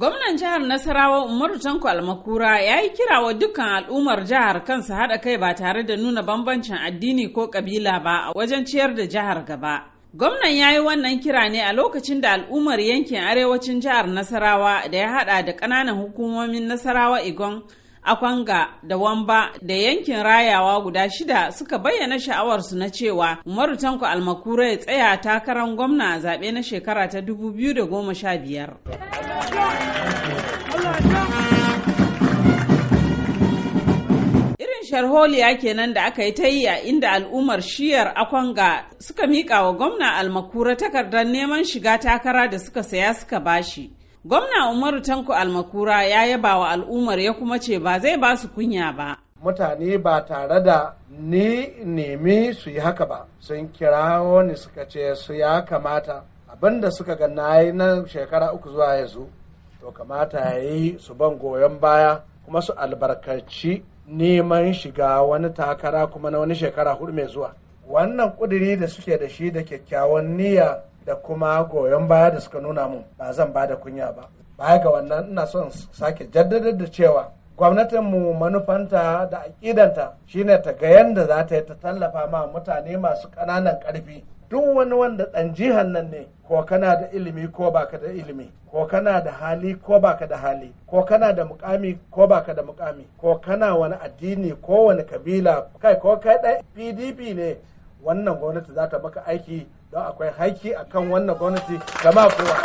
Gwamnan jihar Nasarawa Umaru Tanko Almakura ya yi kira wa dukkan al'ummar jihar kansa haɗa kai ba tare da nuna bambancin addini ko ƙabila ba a wajen ciyar da jihar gaba. Gwamnan ya yi wannan kira ne a lokacin da al'ummar yankin arewacin jihar Nasarawa da ya haɗa da ƙananan hukumomin Nasarawa Igon, Akwanga da Wamba da yankin rayawa guda shida suka bayyana sha'awarsu na cewa Umaru Tanko Almakura ya tsaya takarar gwamna a zaɓe na shekara ta 2015. Irin sharholiya kenan da aka yi ta yi a inda al'ummar shiyar Akwanga suka miƙa wa gwamna almakura takardar neman shiga takara da suka saya suka bashi. Gwamna Umaru Tanko almakura ya yaba wa al'ummar ya kuma ce ba zai ba su kunya ba. Mutane ba tare da ni nemi su yi haka ba, sun kirawo ni suka ce su ya kamata abinda suka ga na na shekara uku zuwa yanzu to kamata ya yi su ban goyon baya kuma su albarkaci neman shiga wani takara kuma na wani shekara hudu mai zuwa wannan kuduri da suke da shi da kyakkyawan niyya da kuma goyon baya da suka nuna mun ba zan ba da kunya ba baya ga wannan ina son sake jaddada da cewa gwamnatin mu manufanta da aƙidanta shine ta ga yadda za ta yi ta tallafa ma mutane masu ƙananan ƙarfi duk wani wanda ɗan jihan nan ne ko kana da ilimi ko baka da ilimi ko kana da hali ko baka da hali ko kana da mukami ko baka da mukami ko kana wani addini ko wani kabila kai ko kai ɗan pdp ne wannan gwamnati za ta maka aiki don akwai haiki akan wannan gwamnati gama kowa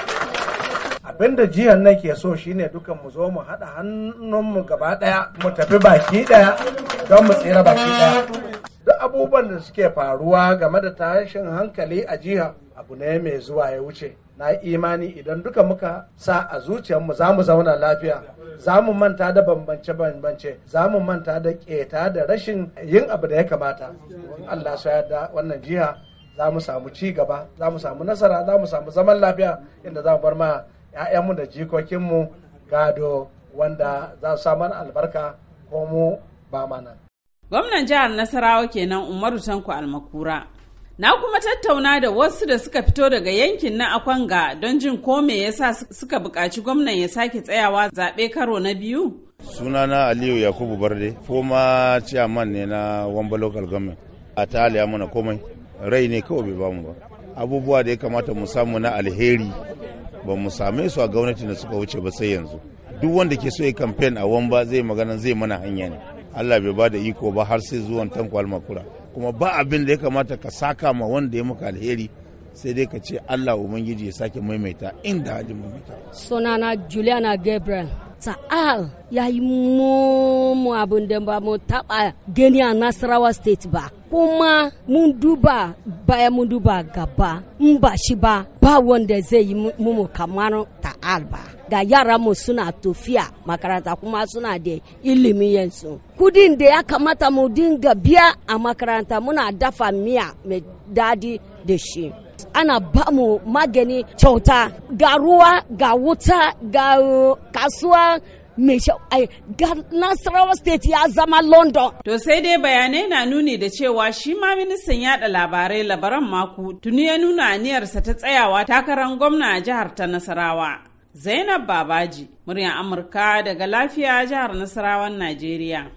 abin da nan ke so shine dukan mu zo mu haɗa hannunmu gaba ɗaya mu tafi baki ɗaya don mu tsira baki ɗaya abubuwan da suke faruwa game da tashin hankali a jiha abu ne mai zuwa ya wuce na imani idan duka muka sa a zuciyarmu za mu zauna lafiya za mu manta da bambance-bambance za mu manta da keta da rashin yin abu da ya kamata Allah su yarda wannan jiha za mu samu ci gaba za mu samu nasara za mu samu zaman lafiya inda za mu bar ma 'ya'yanmu da jikokinmu gado wanda za su samu albarka ko mu ba manan Gwamnan jihar Nasarawa kenan Umaru Tanko Almakura. Na kuma tattauna da wasu da suka fito daga yankin na Akwanga don jin ko me yasa suka buƙaci gwamnan ya sake tsayawa zaɓe karo na biyu. Sunana Aliyu Yakubu Barde, former chairman ne na Wamba Local Government. A ta mana komai, rai ne kawai bai bamu ba. Abubuwa da ya kamata mu samu na alheri ba mu same su a gwamnati da suka wuce ba sai yanzu. Duk wanda ke so ya kamfen a Wamba zai magana zai mana hanya ne. Allah bai ba da iko ba har sai zuwan tanko almakura kuma ba abin da ya kamata ka saka ma wanda ya maka alheri sai dai ka ce Allah ubangiji ya sake maimaita inda hajin maimaita sunana Juliana Gabriel ta'al ya yi mu abin da ba mu taba gani a Nasarawa state ba kuma mun duba baya mun duba gaba in ba shi ba ba wanda zai yi mu kamar ta'al ba ga yaranmu suna tafiya makaranta kuma suna da ilimi yanzu kudin da ya kamata mu dinga biya a makaranta muna dafa miya mai dadi da shi ana ba mu magani kyauta ga ruwa ga wuta ga uh, kasuwa mai Nasarawa State ya zama London. To sai dai bayanai na nuni da cewa shi ma ministan yada labarai labaran maku tuni ya nuna aniyarsa ta tsayawa takarar gwamna a jihar ta Nasarawa. Zainab Babaji, muryar Amurka daga lafiya jihar Nasarawan Najeriya.